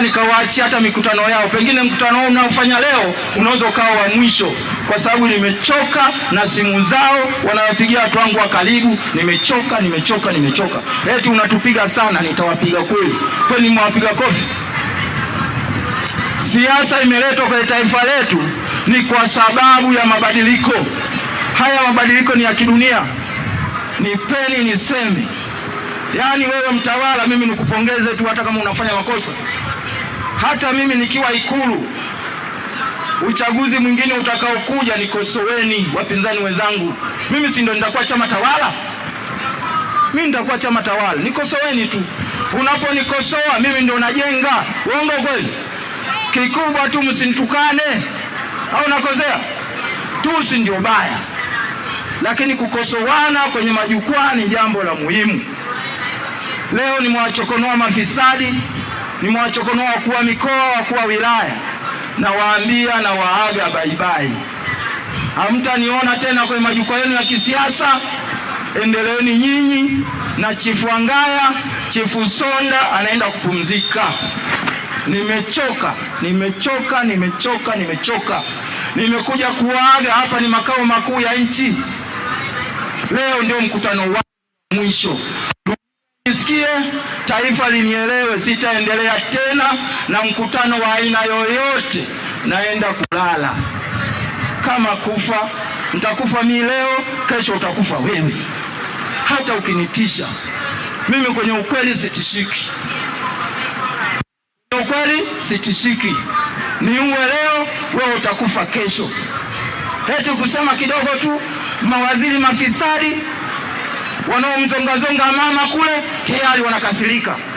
naweza nikawaachia hata mikutano yao. Pengine mkutano wao unaofanya leo unaweza ukawa wa mwisho, kwa sababu nimechoka na simu zao wanawapigia watu wangu wa karibu. Nimechoka, nimechoka, nimechoka. Eti unatupiga sana, nitawapiga kweli kweli, nimewapiga kofi. Siasa imeletwa kwenye taifa letu ni kwa sababu ya mabadiliko haya. Mabadiliko ni ya kidunia. Nipeni niseme, yaani wewe mtawala, mimi nikupongeze tu, hata kama unafanya makosa hata mimi nikiwa Ikulu, uchaguzi mwingine utakaokuja, nikosoweni wapinzani wenzangu. Mimi si ndo nitakuwa chama tawala? Mimi nitakuwa chama tawala, nikosoweni tu. Unaponikosoa mimi ndo najenga. Uongo kweli? Kikubwa tu msinitukane, au nakosea? Tusi ndio baya, lakini kukosoana kwenye majukwaa ni jambo la muhimu. Leo nimewachokonoa mafisadi nimewachokonoa wakuu wa mikoa, wakuu wa wilaya, nawaambia na waaga baibai. Hamtaniona tena kwenye majukwaa yenu ya kisiasa. Endeleeni nyinyi na chifu Angaya, chifu Sonda anaenda kupumzika. Nimechoka, nimechoka, nimechoka, nimechoka. Nimekuja kuwaaga hapa, ni makao makuu ya nchi. Leo ndio mkutano wa mwisho linisikie, taifa linielewe. Sitaendelea tena na mkutano wa aina yoyote, naenda kulala. Kama kufa, nitakufa mimi leo, kesho utakufa wewe. Hata ukinitisha mimi, kwenye ukweli sitishiki, kwenye ukweli sitishiki. Niuwe leo, wewe utakufa kesho. Eti kusema kidogo tu mawaziri mafisadi wanaomzongazonga mama kule tayari wanakasirika.